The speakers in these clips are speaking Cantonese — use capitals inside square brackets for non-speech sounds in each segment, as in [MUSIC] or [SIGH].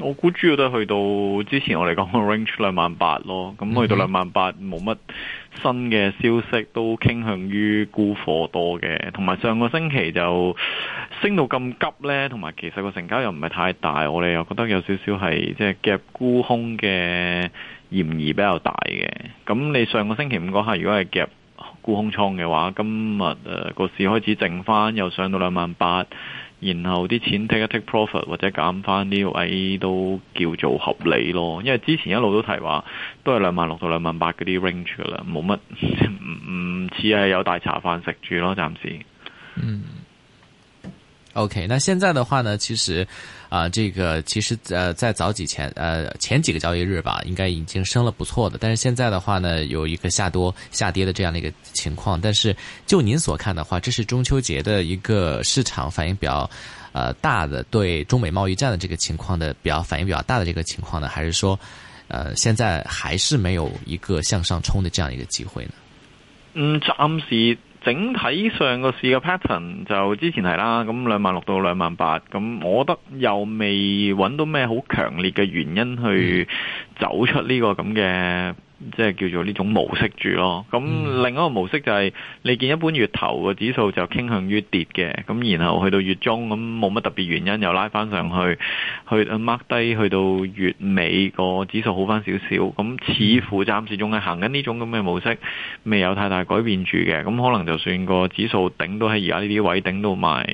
我估主要都係去到之前我哋講嘅 range 兩萬八咯，咁去到兩萬八冇乜新嘅消息，都傾向於沽貨多嘅。同埋上個星期就升到咁急呢，同埋其實個成交又唔係太大，我哋又覺得有少少係即係夾沽空嘅嫌疑比較大嘅。咁你上個星期五嗰下，如果係夾沽空倉嘅話，今日誒個市開始淨翻，又上到兩萬八。然後啲錢 take 一 take profit 或者減翻啲位都叫做合理咯，因為之前一路都提話都係兩萬六到兩萬八嗰啲 range 噶啦，冇乜唔唔似係有大茶飯食住咯，暫時。嗯。OK，那現在的話呢，其實，啊、呃，這個其實呃，在早幾前，呃前幾個交易日吧，應該已經升了不錯的。但是現在的話呢，有一個下多下跌的這樣的一個情況。但是就您所看的話，這是中秋節的一個市場反應比較呃大的對中美貿易戰的這個情況的比較反應比較大的這個情況呢，還是說呃現在還是沒有一個向上衝的這樣一個機會呢？嗯，暫時。整體上個市嘅 pattern 就之前係啦，咁兩萬六到兩萬八，咁我覺得又未揾到咩好強烈嘅原因去走出呢個咁嘅。即係叫做呢種模式住咯。咁另一個模式就係你見一般月頭個指數就傾向於跌嘅，咁然後去到月中咁冇乜特別原因又拉翻上去，去 mark 低去到月尾，到月尾個指數好翻少少。咁似乎暫時仲係行緊呢種咁嘅模式，未有太大改變住嘅。咁可能就算個指數頂到喺而家呢啲位頂到埋，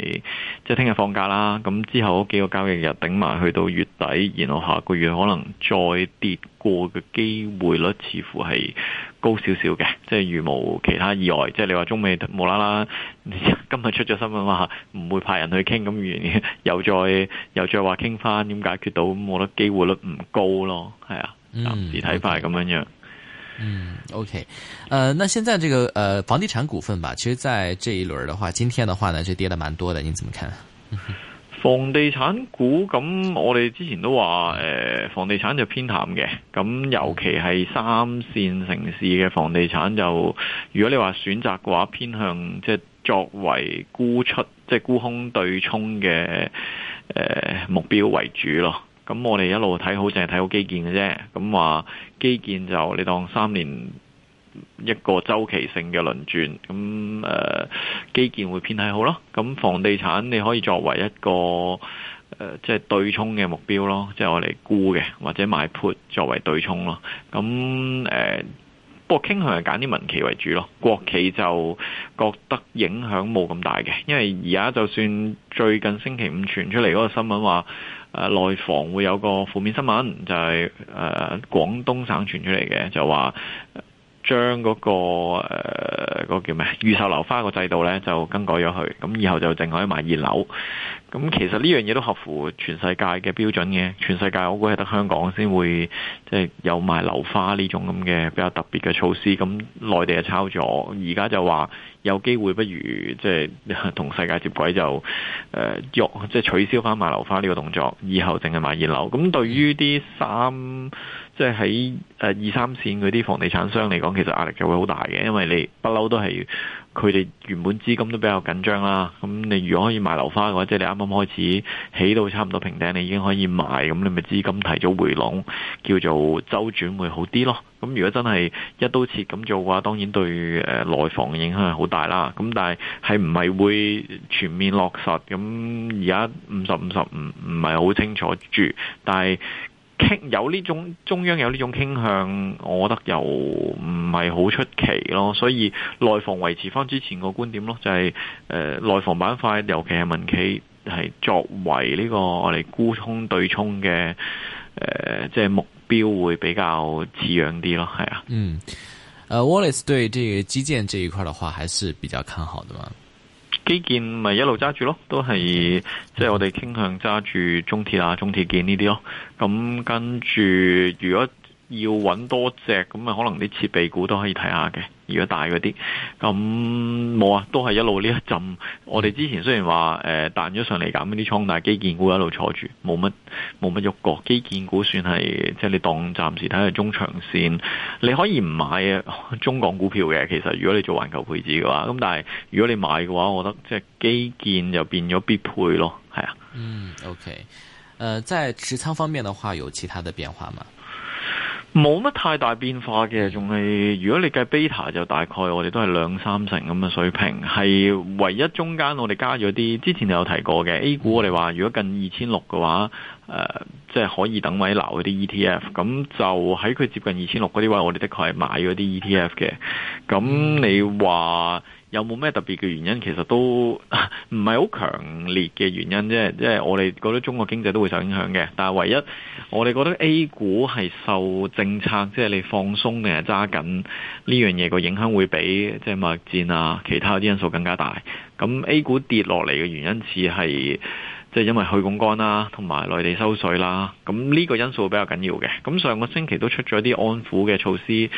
即係聽日放假啦。咁之後幾個交易日頂埋去到月底，然後下個月可能再跌。過嘅機會率似乎係高少少嘅，即係如無其他意外，即係你話中美無啦啦今日出咗新聞話唔會派人去傾，咁完又再又再話傾翻，點解決到？咁我諗機會率唔高咯，係啊，暫時睇法係咁樣樣。嗯，OK，誒、呃，那現在這個誒、呃、房地產股份吧，其實，在這一輪的話，今天的話呢，就跌得蠻多的，你怎麼看？ [LAUGHS] 房地產股咁，我哋之前都話，誒、呃，房地產就偏淡嘅。咁尤其係三線城市嘅房地產就，如果你話選擇嘅話，偏向即係、就是、作為沽出，即係沽空對沖嘅誒目標為主咯。咁我哋一路睇好，淨係睇好基建嘅啫。咁話基建就，你當三年。一個周期性嘅輪轉，咁誒、啊、基建會偏係好咯，咁房地產你可以作為一個即係、呃就是、對沖嘅目標咯，即係我哋沽嘅或者買 put 作為對沖咯，咁誒、啊、不過傾向係揀啲民企為主咯，國企就覺得影響冇咁大嘅，因為而家就算最近星期五傳出嚟嗰個新聞話、呃、內房會有個負面新聞，就係誒廣東省傳出嚟嘅，就話。將嗰、那個誒嗰、呃那個叫咩預售樓花個制度呢，就更改咗佢，咁以後就淨可以賣現樓。咁其實呢樣嘢都合乎全世界嘅標準嘅，全世界我估係得香港先會即係、就是、有賣樓花呢種咁嘅比較特別嘅措施。咁內地又抄咗，而家就話有機會不如即係同世界接軌就、呃，就誒約即係取消翻賣樓花呢個動作，以後淨係賣現樓。咁對於啲三，即係喺二三線嗰啲房地產商嚟講，其實壓力就會好大嘅，因為你不嬲都係佢哋原本資金都比較緊張啦。咁你如果可以賣樓花嘅話，即係你啱啱開始起到差唔多平頂，你已經可以賣。咁你咪資金提早回籠，叫做周轉會好啲咯。咁如果真係一刀切咁做嘅話，當然對內房影響係好大啦。咁但係係唔係會全面落實？咁而家五十五十唔唔係好清楚住，但係。傾有呢種中央有呢種傾向，我覺得又唔係好出奇咯，所以內房維持翻之前個觀點咯，就係誒內房板塊，尤其係民企係作為呢個我哋沽空對沖嘅誒，即、呃、係、就是、目標會比較似樣啲咯，係啊，嗯，誒、呃、，Wallace 對呢基建這一塊嘅話，還是比較看好的嘛。基建咪一路揸住咯，都係即係我哋傾向揸住中鐵啊、中鐵建呢啲咯。咁跟住如果，要揾多隻咁啊，可能啲設備股都可以睇下嘅。如果大嗰啲咁冇啊，都係一路呢一浸。我哋之前雖然話誒彈咗上嚟減啲倉，但係基建股一路坐住，冇乜冇乜喐過。基建股算係即係你當暫時睇下中長線。你可以唔買中港股票嘅，其實如果你做環球配置嘅話，咁但係如果你買嘅話，我覺得即係基建就變咗必配咯，係啊。嗯，OK，誒，在持倉方面嘅話，有其他的變化嗎？冇乜太大變化嘅，仲係如果你計 beta 就大概我哋都係兩三成咁嘅水平，係唯一中間我哋加咗啲，之前就有提過嘅 A 股我哋話如果近二千六嘅話，呃，即係可以等位留嗰啲 ETF，咁就喺佢接近二千六嗰啲位，我哋的確係買咗啲 ETF 嘅，咁你話？有冇咩特別嘅原因？其實都唔係好強烈嘅原因啫，即係我哋覺得中國經濟都會受影響嘅。但係唯一我哋覺得 A 股係受政策，即係你放鬆定係揸緊呢樣嘢個影響，會比即係貿戰啊其他啲因素更加大。咁 A 股跌落嚟嘅原因似係。即係因為去槓杆啦，同埋內地收稅啦，咁呢個因素比較緊要嘅。咁上個星期都出咗啲安撫嘅措施，即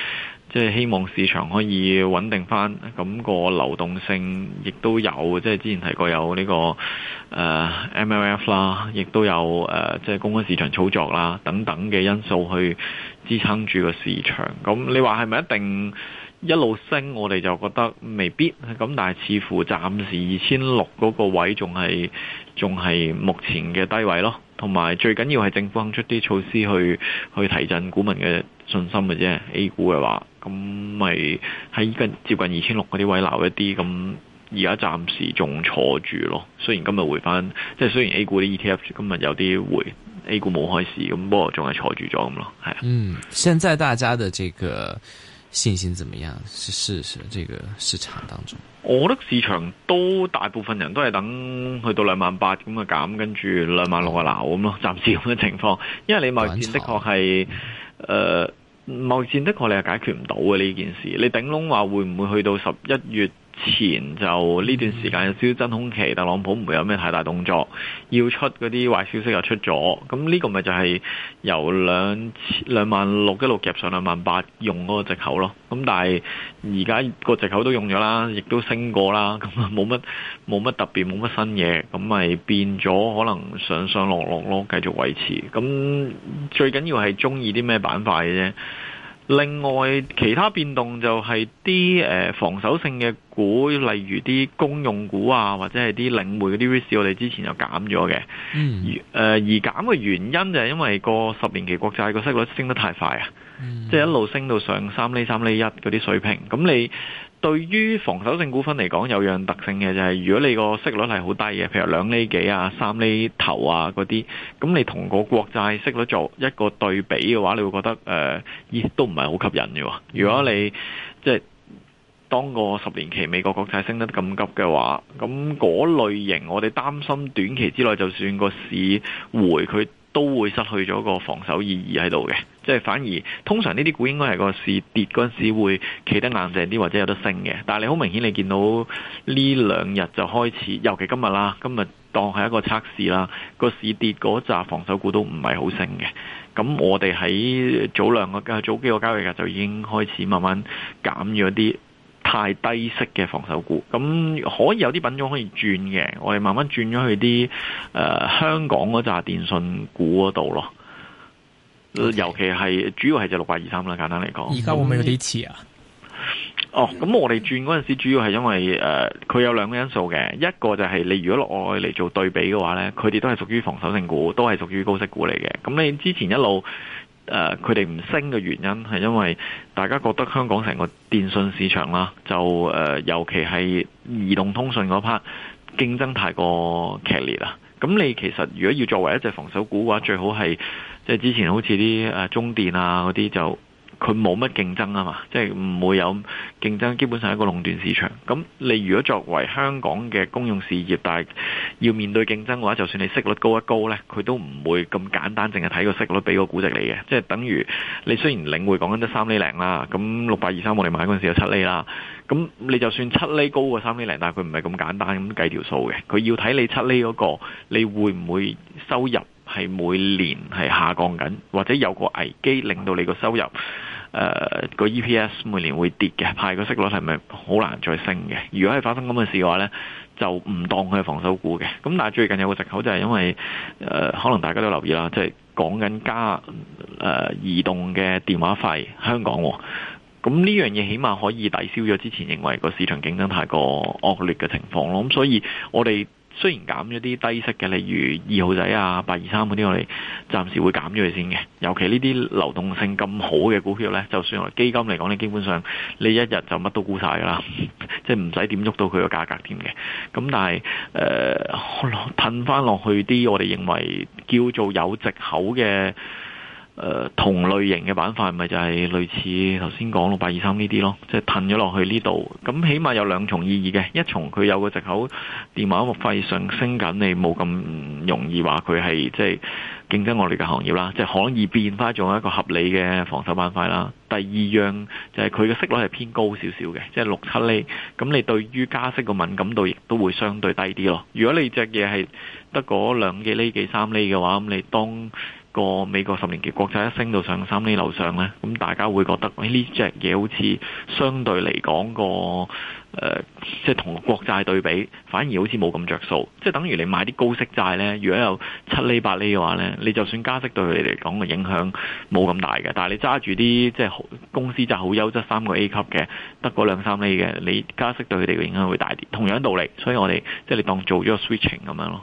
係希望市場可以穩定翻。咁個流動性亦都有，即係之前提過有呢個呃 MLF 啦，亦都有誒即係公開市場操作啦等等嘅因素去支撐住個市場。咁你話係咪一定？一路升，我哋就覺得未必咁，但係似乎暫時二千六嗰個位仲係仲係目前嘅低位咯。同埋最緊要係政府肯出啲措施去去提振股民嘅信心嘅啫。A 股嘅話，咁咪喺近接近二千六嗰啲位鬧一啲，咁而家暫時仲坐住咯。雖然今日回翻，即係雖然 A 股啲 ETF 今日有啲回，A 股冇開市，咁不過仲係坐住咗咁咯。係啊。嗯，現在大家嘅這個。信心怎麼樣？是事實，這個市場當中，我覺得市場都大部分人都係等去到兩萬八咁就減，跟住兩萬六個樓咁咯，暫時咁嘅情況。因為你貿易戰的確係，誒潮、呃、貿易戰的確你係解決唔到嘅呢件事。你頂籠話會唔會去到十一月？前就呢段時間有少少真空期，特朗普唔會有咩太大動作。要出嗰啲壞消息又出咗，咁呢個咪就係由兩千兩萬六一路夾上兩萬八用嗰個藉口咯。咁但係而家個藉口都用咗啦，亦都升過啦，咁冇乜冇乜特別冇乜新嘢，咁咪變咗可能上上落落咯，繼續維持。咁最緊要係中意啲咩板塊嘅啫。另外，其他變動就係啲誒防守性嘅股，例如啲公用股啊，或者係啲領匯嗰啲 Viss 我哋之前就減咗嘅。嗯而、呃。而減嘅原因就係因為個十年期國債個息率升得太快啊，嗯、即係一路升到上三厘三厘一嗰啲水平，咁你。對於防守性股份嚟講，有樣特性嘅就係、是，如果你個息率係好低嘅，譬如兩厘幾啊、三厘頭啊嗰啲，咁你同個國債息率做一個對比嘅話，你會覺得誒，咦都唔係好吸引嘅喎。如果你即係、就是、當個十年期美國國債升得咁急嘅話，咁嗰類型我哋擔心短期之內，就算個市回，佢都會失去咗個防守意義喺度嘅。即係反而通常呢啲股應該係個市跌嗰陣時會企得硬淨啲或者有得升嘅，但係你好明顯你見到呢兩日就開始，尤其今日啦，今日當係一個測試啦。個市跌嗰紮防守股都唔係好升嘅。咁我哋喺早兩個早幾個交易日就已經開始慢慢減咗啲太低息嘅防守股，咁可以有啲品種可以轉嘅，我哋慢慢轉咗去啲誒、呃、香港嗰紮電訊股嗰度咯。尤其係主要係隻六八二三啦，簡單嚟講。而家會唔會有啲似啊？哦，咁我哋轉嗰陣時，主要係因為誒，佢，呃，有兩個因素嘅，一個就係你如果落外嚟做對比嘅話呢，佢哋都係屬於防守性股，都係屬於高息股嚟嘅。咁你之前一路誒，佢哋唔升嘅原因係因為大家覺得香港成個電信市場啦，就誒，呃，尤其係移動通訊嗰 part 競爭太過劇烈啦。咁你其實如果要作為一隻防守股嘅話，最好係。即係之前好似啲、啊、中電啊嗰啲，就佢冇乜競爭啊嘛，即係唔會有競爭，基本上係一個壟斷市場。咁你如果作為香港嘅公用事業，但係要面對競爭嘅話，就算你息率高一高呢，佢都唔會咁簡單，淨係睇個息率俾個估值你嘅。即係等於你雖然領匯講緊得三厘零啦，咁六百二三我哋買嗰陣時有七厘啦，咁你就算七厘高過三厘零，但係佢唔係咁簡單咁計條數嘅，佢要睇你七厘嗰個，你會唔會收入？係每年係下降緊，或者有個危機令到你個收入，誒、呃、個 E P S 每年會跌嘅，派個息率係咪好難再升嘅？如果係發生咁嘅事嘅話呢，就唔當佢係防守股嘅。咁但係最近有個藉口就係因為誒、呃，可能大家都留意啦，即係講緊加誒、呃、移動嘅電話費香港、哦，咁呢樣嘢起碼可以抵消咗之前認為個市場競爭太過惡劣嘅情況咯。咁所以我哋。雖然減咗啲低息嘅，例如二號仔啊、八二三嗰啲，我哋暫時會減咗佢先嘅。尤其呢啲流動性咁好嘅股票呢，就算係基金嚟講咧，基本上你一日就乜都沽晒㗎喇，即係唔使點喐到佢個價格添嘅。咁但係誒，落揼翻落去啲，我哋認為叫做有藉口嘅。誒、呃、同類型嘅板塊，咪就係類似頭先講六百二三呢啲咯，即係褪咗落去呢度。咁起碼有兩重意義嘅，一重佢有個藉口，電話費上升緊，你冇咁容易話佢係即係競爭我哋嘅行業啦，即係可以變翻做一個合理嘅防守板塊啦。第二樣就係佢嘅息率係偏高少少嘅，即係六七厘，咁你對於加息個敏感度亦都會相對低啲咯。如果你隻嘢係得嗰兩幾厘幾三厘嘅話，咁你當。個美國十年期國債一升到上三厘樓上呢，咁大家會覺得，呢隻嘢好似相對嚟講個即係同國債對比，反而好似冇咁着數。即係等於你買啲高息債呢，如果有七厘八厘嘅話呢，你就算加息對佢哋嚟講嘅影響冇咁大嘅，但係你揸住啲即係公司就好優質，三個 A 級嘅，得嗰兩三厘嘅，你加息對佢哋嘅影響會大啲。同樣道理，所以我哋即係你當做咗個 switching 咁樣咯。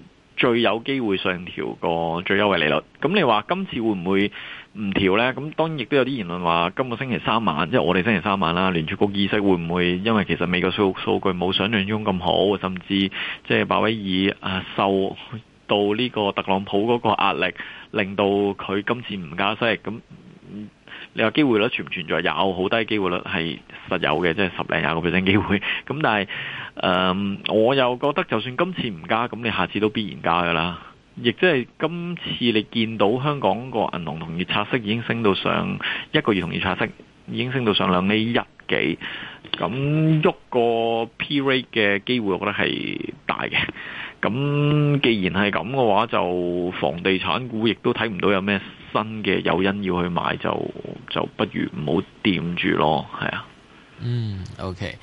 最有機會上調個最優惠利率，咁你話今次會唔會唔調呢？咁當然亦都有啲言論話，今個星期三晚，即係我哋星期三晚啦，聯儲局議息會唔會因為其實美國數數據冇想像中咁好，甚至即係鮑威爾啊受到呢個特朗普嗰個壓力，令到佢今次唔加息咁。你話機會率存唔存在？有好低機會率係實有嘅，即係十零廿個 percent 機會。咁但係，誒、嗯，我又覺得就算今次唔加，咁你下次都必然加㗎啦。亦即係今次你見到香港個銀行同業拆息已經升到上一個月同業拆息已經升到上兩厘一幾，咁喐個 P rate 嘅機會，我覺得係大嘅。咁既然係咁嘅話，就房地產股亦都睇唔到有咩新嘅誘因要去買就，就就不如唔好掂住咯，係啊。嗯，OK，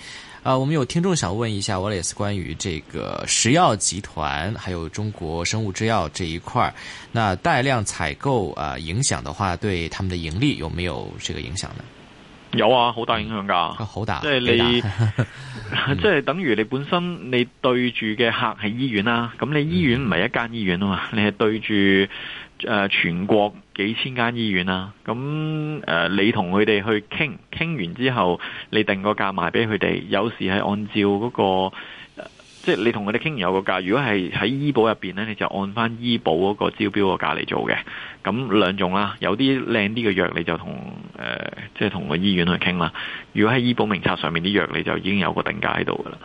啊、uh,，我們有聽眾想問一下，Wallace 關於這個石藥集團，還有中國生物製藥這一塊，那帶量採購啊影響的話，對他們的盈利有沒有這個影響呢？有啊，好大影響㗎，好、嗯、大，即係你，大 [LAUGHS] 即係等於你本身，你對住嘅客係醫院啦，咁你醫院唔係一間醫院啊嘛，你係對住誒、呃、全國幾千間醫院啦，咁誒、呃、你同佢哋去傾，傾完之後，你定個價賣俾佢哋，有時係按照嗰、嗰個。即係你同佢哋傾完有個價，如果係喺醫保入邊呢，你就按翻醫保嗰個招標個價嚟做嘅。咁兩種啦，有啲靚啲嘅藥，你就同誒、呃，即係同個醫院去傾啦。如果喺醫保名冊上面啲藥，你就已經有個定價喺度噶啦。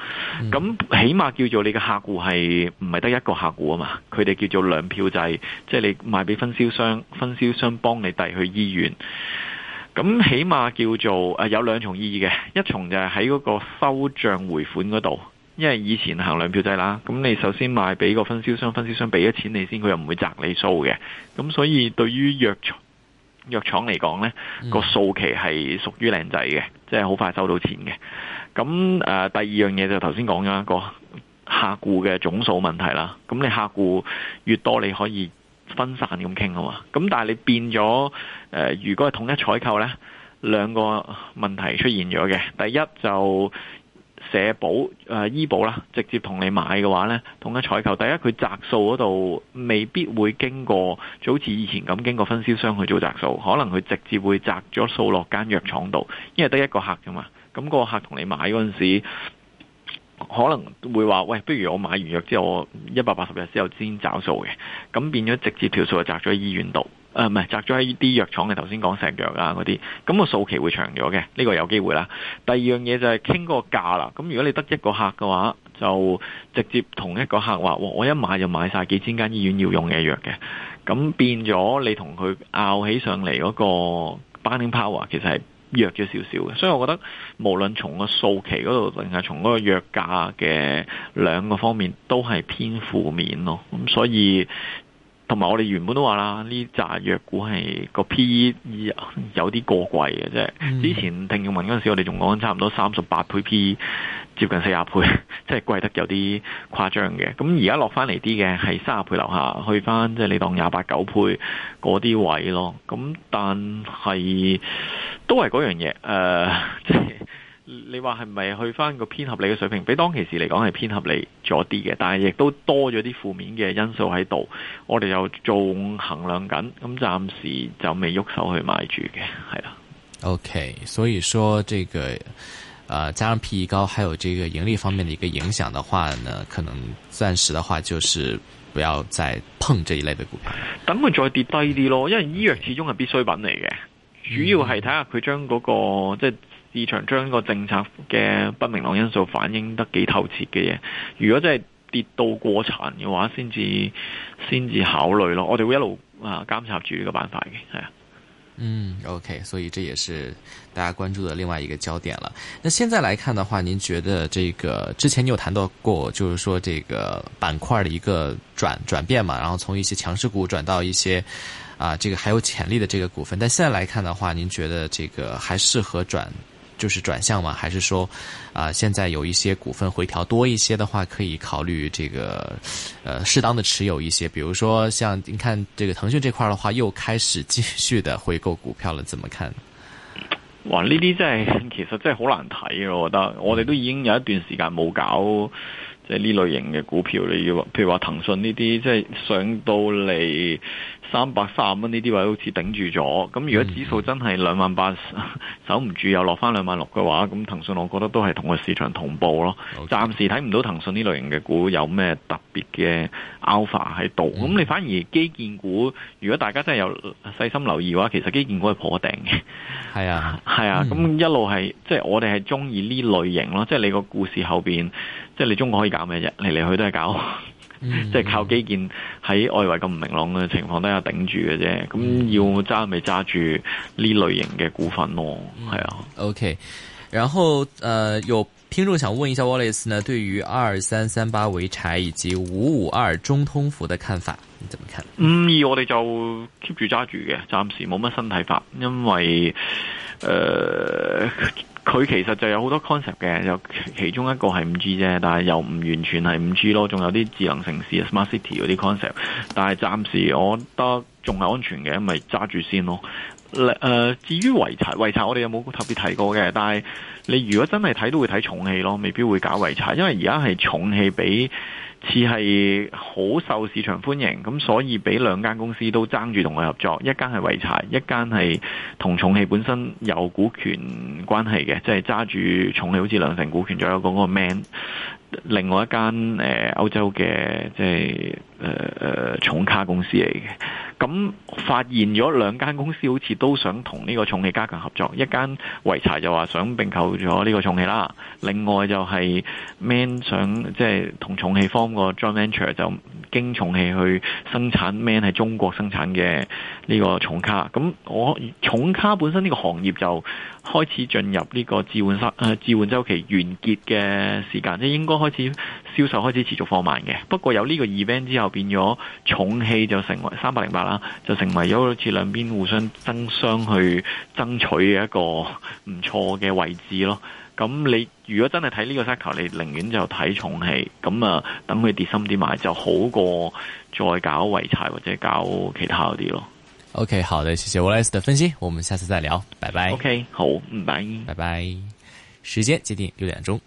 咁、嗯、起碼叫做你嘅客戶係唔係得一個客戶啊嘛？佢哋叫做兩票制，即係你賣俾分銷商，分銷商幫你遞去醫院。咁起碼叫做誒、呃、有兩重意義嘅，一重就係喺嗰個收賬回款嗰度。因為以前行兩票制啦，咁你首先賣俾個分銷商，分銷商俾咗錢你先，佢又唔會爭你數嘅。咁所以對於藥廠藥廠嚟講呢、嗯、個數期係屬於靚仔嘅，即係好快收到錢嘅。咁誒、呃，第二樣嘢就頭先講咗一個客戶嘅總數問題啦。咁你客戶越多，你可以分散咁傾啊嘛。咁但係你變咗誒、呃，如果係統一採購呢，兩個問題出現咗嘅。第一就社保醫保啦，直接同你買嘅話呢，同一採購，第一佢摘數嗰度未必會經過，就好似以前咁經過分銷商去做摘數，可能佢直接會摘咗數落間藥廠度，因為得一個客噶嘛，咁個客同你買嗰陣時可能會話：喂，不如我買完藥之後，我一百八十日之後先找數嘅，咁變咗直接條數就摘咗醫院度。誒唔係，摘咗喺啲藥廠嘅，頭先講石藥啊嗰啲，咁、那個數期會長咗嘅，呢、這個有機會啦。第二樣嘢就係傾嗰個價啦。咁如果你得一個客嘅話，就直接同一個客話，我一買就買晒幾千間醫院要用嘅藥嘅，咁變咗你同佢拗起上嚟嗰個 buying power 其實係弱咗少少嘅。所以我覺得無論從個數期嗰度，定係從嗰個藥價嘅兩個方面，都係偏負面咯。咁所以。同埋我哋原本都話啦，呢扎藥股係個 P E 有啲過貴嘅，即係、嗯、之前聽用文嗰時，我哋仲講差唔多三十八倍 PE，接近四十倍，即係貴得有啲誇張嘅。咁而家落翻嚟啲嘅係三十倍樓下去翻，即、就、係、是、你當廿八九倍嗰啲位咯。咁但係都係嗰樣嘢，誒、呃。即你話係咪去翻個偏合理嘅水平，比當其時嚟講係偏合理咗啲嘅，但係亦都多咗啲負面嘅因素喺度，我哋又仲衡量緊，咁暫時就未喐手去買住嘅，係啦。OK，所以說這個，啊、呃，加上 P E 高，還有這個盈利方面的一個影響的話呢，可能暫時的話就是不要再碰這一類嘅股票。等佢再跌低啲咯，因為醫藥始終係必需品嚟嘅，Okay. 主要係睇下佢將嗰個、嗯、即係。市場將個政策嘅不明朗因素反映得幾透徹嘅嘢，如果真係跌到過殘嘅話，先至先至考慮咯。我哋會一路啊監察住呢個辦法嘅，係啊。嗯，OK，所以這也是大家關注的另外一個焦點啦。那現在來看的話，您覺得這個之前你有談到過，就是說這個板塊嘅一個轉轉變嘛，然後從一些強勢股轉到一些啊，這個還有潛力的這個股份。但現在來看的話，您覺得這個還適合轉？就是轉向嘛，還是說，啊、呃，現在有一些股份回調多一些的話，可以考慮這個，呃，適當的持有一些，比如說像你看這個騰訊這塊的話，又開始繼續的回購股票了，怎麼看？哇，呢啲真係其實真係好難睇咯，我覺得我哋都已經有一段時間冇搞。即係呢類型嘅股票，你要譬如話騰訊呢啲，即係上到嚟三百三十蚊呢啲位，好似頂住咗。咁如果指數真係兩萬八 [LAUGHS] 守唔住，又落翻兩萬六嘅話，咁騰訊我覺得都係同個市場同步咯。Okay. 暫時睇唔到騰訊呢類型嘅股有咩特別嘅 alpha 喺度。咁 Okay. 你反而基建股，如果大家真係有細心留意嘅話，其實基建股係破頂嘅。係 [LAUGHS] 啊，係啊，咁一路係 [LAUGHS] 即係我哋係中意呢類型咯。即係你個故事後邊。即係你中國可以搞咩啫？嚟嚟去都係搞，嗯嗯即係靠基建喺外圍咁唔明朗嘅情況都有頂住嘅啫。咁要揸咪揸住呢類型嘅股份咯。哦，係、嗯、啊。OK，然後誒、呃、有聽眾想問一下 Wallace 呢，對於二三三八維柴以及五五二中通服嘅看法，你怎麼看？唔二、嗯、我哋就 keep 住揸住嘅，暫時冇乜新睇法，因為，誒。呃呃佢其實就有好多 concept 嘅，有其中一個係五 G 啫，但係又唔完全係五 G 咯，仲有啲智能城市 smart city 嗰啲 concept。但係暫時我覺得仲係安全嘅，咪揸住先咯。呃，至於維拆維拆，我哋有冇特別提過嘅？但係你如果真係睇，都會睇重氣咯，未必會搞維拆，因為而家係重氣比。似係好受市場歡迎，咁所以俾兩間公司都爭住同佢合作，一間係濰柴，一間係同重汽本身有股權關係嘅，即係揸住重汽，好似兩成股權左右嗰個 man。另外一間誒歐洲嘅即係誒誒重卡公司嚟嘅，咁、嗯、發現咗兩間公司好似都想同呢個重汽加強合作，一間濰柴就話想併購咗呢個重汽啦，另外就係 MAN 想即係同重汽 form 個 joint venture 就經重汽去生產 MAN 係中國生產嘅呢個重卡，咁、嗯、我重卡本身呢個行業就開始進入呢個置換生誒置換週期完結嘅時間，即係應該。開始銷售開始持續放慢嘅，不過有呢個 event 之後變咗重氣就成為三百零八啦，就成為咗好似兩邊互相爭相去爭取嘅一個唔錯嘅位置咯。咁你如果真係睇呢個 c y c 你寧願就睇重氣，咁啊等佢跌深啲埋就好過再搞維財或者搞其他嗰啲咯。OK，好的，謝謝 w a l l a c 分析，我們下次再聊，拜拜。OK，好，唔該拜，拜拜。時間接近六點鐘。